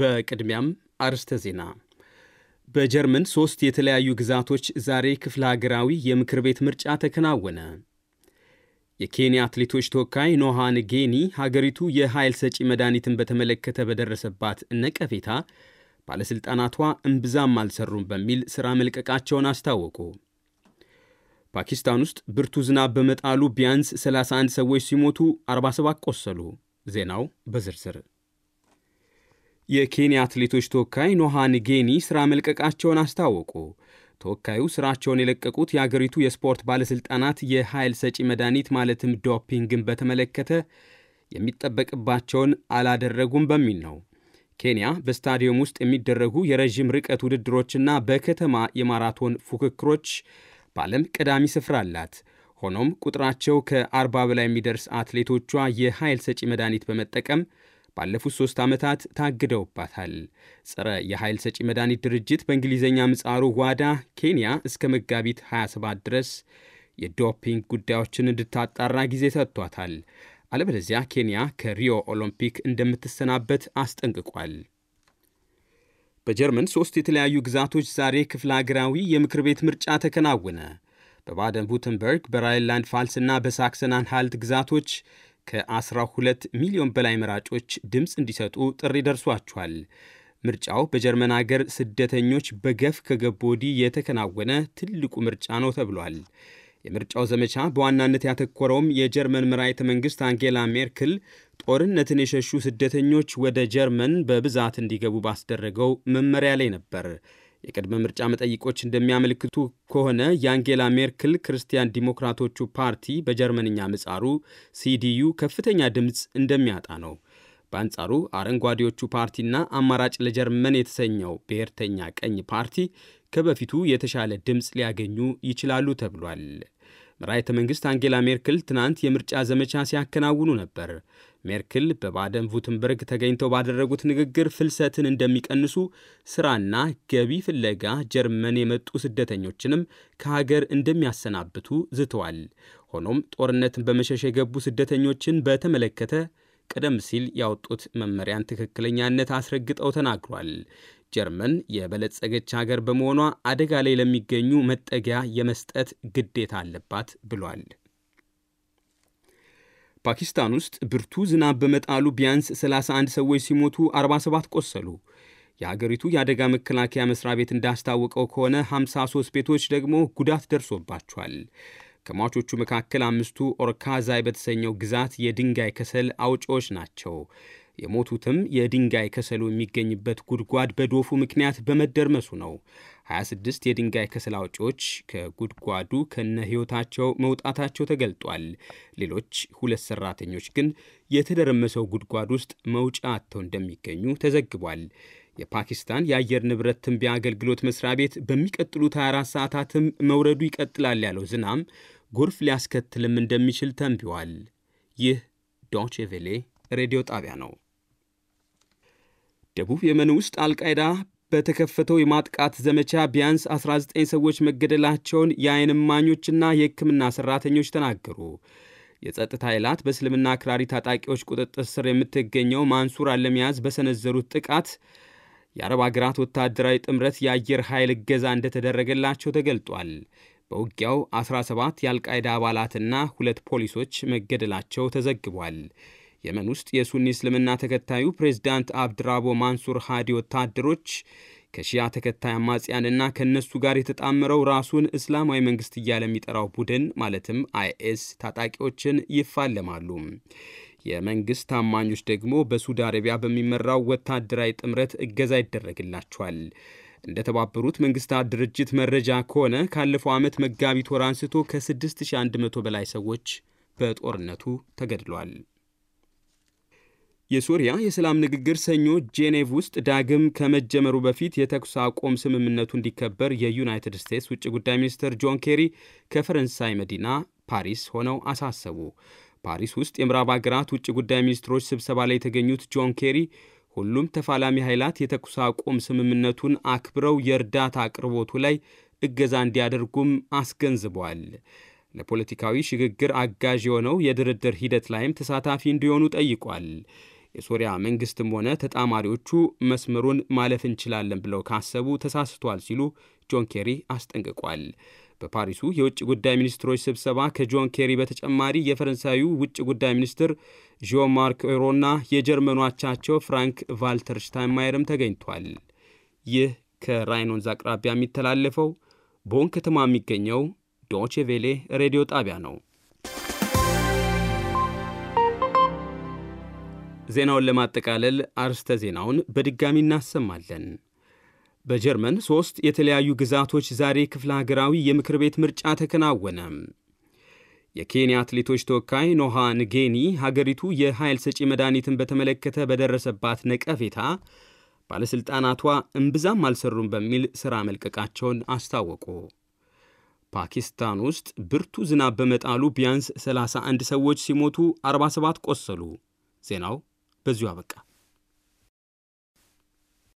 በቅድሚያም አርስተ ዜና በጀርመን ሦስት የተለያዩ ግዛቶች ዛሬ ክፍለ ሀገራዊ የምክር ቤት ምርጫ ተከናወነ። የኬንያ አትሌቶች ተወካይ ኖሃን ጌኒ ሀገሪቱ የኃይል ሰጪ መድኃኒትን በተመለከተ በደረሰባት ነቀፌታ ባለሥልጣናቷ እምብዛም አልሰሩም በሚል ሥራ መልቀቃቸውን አስታወቁ። ፓኪስታን ውስጥ ብርቱ ዝናብ በመጣሉ ቢያንስ 31 ሰዎች ሲሞቱ 47 ቆሰሉ። ዜናው በዝርዝር የኬንያ አትሌቶች ተወካይ ኖሃን ጌኒ ሥራ መልቀቃቸውን አስታወቁ። ተወካዩ ስራቸውን የለቀቁት የአገሪቱ የስፖርት ባለሥልጣናት የኃይል ሰጪ መድኃኒት ማለትም ዶፒንግን በተመለከተ የሚጠበቅባቸውን አላደረጉም በሚል ነው። ኬንያ በስታዲየም ውስጥ የሚደረጉ የረዥም ርቀት ውድድሮችና በከተማ የማራቶን ፉክክሮች በዓለም ቀዳሚ ስፍራ አላት። ሆኖም ቁጥራቸው ከ40 በላይ የሚደርስ አትሌቶቿ የኃይል ሰጪ መድኃኒት በመጠቀም ባለፉት ሶስት ዓመታት ታግደውባታል። ጸረ የኃይል ሰጪ መድኃኒት ድርጅት በእንግሊዝኛ ምጻሩ ዋዳ ኬንያ እስከ መጋቢት 27 ድረስ የዶፒንግ ጉዳዮችን እንድታጣራ ጊዜ ሰጥቷታል። አለበለዚያ ኬንያ ከሪዮ ኦሎምፒክ እንደምትሰናበት አስጠንቅቋል። በጀርመን ሦስት የተለያዩ ግዛቶች ዛሬ ክፍለ አገራዊ የምክር ቤት ምርጫ ተከናወነ። በባደን ቡተንበርግ፣ በራይንላንድ ፋልስ እና በሳክሰን አንሃልት ግዛቶች ከ12 ሚሊዮን በላይ መራጮች ድምፅ እንዲሰጡ ጥሪ ደርሷቸዋል። ምርጫው በጀርመን አገር ስደተኞች በገፍ ከገቡ ወዲህ የተከናወነ ትልቁ ምርጫ ነው ተብሏል። የምርጫው ዘመቻ በዋናነት ያተኮረውም የጀርመን መራሒተ መንግሥት አንጌላ ሜርክል ጦርነትን የሸሹ ስደተኞች ወደ ጀርመን በብዛት እንዲገቡ ባስደረገው መመሪያ ላይ ነበር። የቅድመ ምርጫ መጠይቆች እንደሚያመለክቱ ከሆነ የአንጌላ ሜርክል ክርስቲያን ዲሞክራቶቹ ፓርቲ በጀርመንኛ ምጻሩ ሲዲዩ ከፍተኛ ድምፅ እንደሚያጣ ነው። በአንጻሩ አረንጓዴዎቹ ፓርቲና አማራጭ ለጀርመን የተሰኘው ብሔርተኛ ቀኝ ፓርቲ ከበፊቱ የተሻለ ድምፅ ሊያገኙ ይችላሉ ተብሏል። መራሒተ መንግሥት አንጌላ ሜርክል ትናንት የምርጫ ዘመቻ ሲያከናውኑ ነበር። ሜርክል በባደን ቡትንበርግ ተገኝተው ባደረጉት ንግግር ፍልሰትን እንደሚቀንሱ፣ ስራና ገቢ ፍለጋ ጀርመን የመጡ ስደተኞችንም ከሀገር እንደሚያሰናብቱ ዝተዋል። ሆኖም ጦርነትን በመሸሽ የገቡ ስደተኞችን በተመለከተ ቀደም ሲል ያወጡት መመሪያን ትክክለኛነት አስረግጠው ተናግሯል። ጀርመን የበለጸገች ሀገር በመሆኗ አደጋ ላይ ለሚገኙ መጠጊያ የመስጠት ግዴታ አለባት ብሏል። ፓኪስታን ውስጥ ብርቱ ዝናብ በመጣሉ ቢያንስ 31 ሰዎች ሲሞቱ 47 ቆሰሉ። የሀገሪቱ የአደጋ መከላከያ መስሪያ ቤት እንዳስታወቀው ከሆነ 53 ቤቶች ደግሞ ጉዳት ደርሶባቸዋል። ከሟቾቹ መካከል አምስቱ ኦርካዛይ በተሰኘው ግዛት የድንጋይ ከሰል አውጪዎች ናቸው። የሞቱትም የድንጋይ ከሰሉ የሚገኝበት ጉድጓድ በዶፉ ምክንያት በመደርመሱ ነው። 26 የድንጋይ ከሰል አውጪዎች ከጉድጓዱ ከነ ሕይወታቸው መውጣታቸው ተገልጧል። ሌሎች ሁለት ሰራተኞች ግን የተደረመሰው ጉድጓድ ውስጥ መውጫ አጥተው እንደሚገኙ ተዘግቧል። የፓኪስታን የአየር ንብረት ትንቢያ አገልግሎት መስሪያ ቤት በሚቀጥሉት 24 ሰዓታትም መውረዱ ይቀጥላል ያለው ዝናም ጎርፍ ሊያስከትልም እንደሚችል ተንቢዋል። ይህ ዶች ቬሌ ሬዲዮ ጣቢያ ነው። ደቡብ የመን ውስጥ አልቃይዳ በተከፈተው የማጥቃት ዘመቻ ቢያንስ 19 ሰዎች መገደላቸውን የአይን እማኞችና የሕክምና ሠራተኞች ተናገሩ። የጸጥታ ኃይላት በእስልምና አክራሪ ታጣቂዎች ቁጥጥር ስር የምትገኘው ማንሱራን ለመያዝ በሰነዘሩት ጥቃት የአረብ አገራት ወታደራዊ ጥምረት የአየር ኃይል እገዛ እንደተደረገላቸው ተገልጧል። በውጊያው 17 የአልቃይዳ አባላትና ሁለት ፖሊሶች መገደላቸው ተዘግቧል። የመን ውስጥ የሱኒ እስልምና ተከታዩ ፕሬዝዳንት አብድራቦ ማንሱር ሃዲ ወታደሮች ከሺያ ተከታይ አማጽያንና ከእነሱ ጋር የተጣመረው ራሱን እስላማዊ መንግስት እያለ የሚጠራው ቡድን ማለትም አይኤስ ታጣቂዎችን ይፋለማሉ። የመንግስት ታማኞች ደግሞ በሳዑዲ አረቢያ በሚመራው ወታደራዊ ጥምረት እገዛ ይደረግላቸዋል። እንደተባበሩት መንግስታት ድርጅት መረጃ ከሆነ ካለፈው ዓመት መጋቢት ወር አንስቶ ከ6100 በላይ ሰዎች በጦርነቱ ተገድለዋል። የሶሪያ የሰላም ንግግር ሰኞ ጄኔቭ ውስጥ ዳግም ከመጀመሩ በፊት የተኩስ አቆም ስምምነቱ እንዲከበር የዩናይትድ ስቴትስ ውጭ ጉዳይ ሚኒስትር ጆን ኬሪ ከፈረንሳይ መዲና ፓሪስ ሆነው አሳሰቡ። ፓሪስ ውስጥ የምዕራብ ሀገራት ውጭ ጉዳይ ሚኒስትሮች ስብሰባ ላይ የተገኙት ጆን ኬሪ ሁሉም ተፋላሚ ኃይላት የተኩስ አቁም ስምምነቱን አክብረው የእርዳታ አቅርቦቱ ላይ እገዛ እንዲያደርጉም አስገንዝበዋል። ለፖለቲካዊ ሽግግር አጋዥ የሆነው የድርድር ሂደት ላይም ተሳታፊ እንዲሆኑ ጠይቋል። የሶሪያ መንግስትም ሆነ ተጣማሪዎቹ መስመሩን ማለፍ እንችላለን ብለው ካሰቡ ተሳስቷል ሲሉ ጆን ኬሪ አስጠንቅቋል። በፓሪሱ የውጭ ጉዳይ ሚኒስትሮች ስብሰባ ከጆን ኬሪ በተጨማሪ የፈረንሳዩ ውጭ ጉዳይ ሚኒስትር ዦን ማርክ ሮና የጀርመኑ አቻቸው ፍራንክ ቫልተር ሽታይንማየርም ተገኝቷል። ይህ ከራይን ወንዝ አቅራቢያ የሚተላለፈው ቦን ከተማ የሚገኘው ዶቼ ቬሌ ሬዲዮ ጣቢያ ነው። ዜናውን ለማጠቃለል አርስተ ዜናውን በድጋሚ እናሰማለን። በጀርመን ሦስት የተለያዩ ግዛቶች ዛሬ ክፍለ ሀገራዊ የምክር ቤት ምርጫ ተከናወነ። የኬንያ አትሌቶች ተወካይ ኖሃ ንጌኒ ሀገሪቱ የኃይል ሰጪ መድኃኒትን በተመለከተ በደረሰባት ነቀፌታ ባለሥልጣናቷ እምብዛም አልሰሩም በሚል ሥራ መልቀቃቸውን አስታወቁ። ፓኪስታን ውስጥ ብርቱ ዝናብ በመጣሉ ቢያንስ 31 ሰዎች ሲሞቱ 47 ቆሰሉ። ዜናው በዚሁ አበቃ።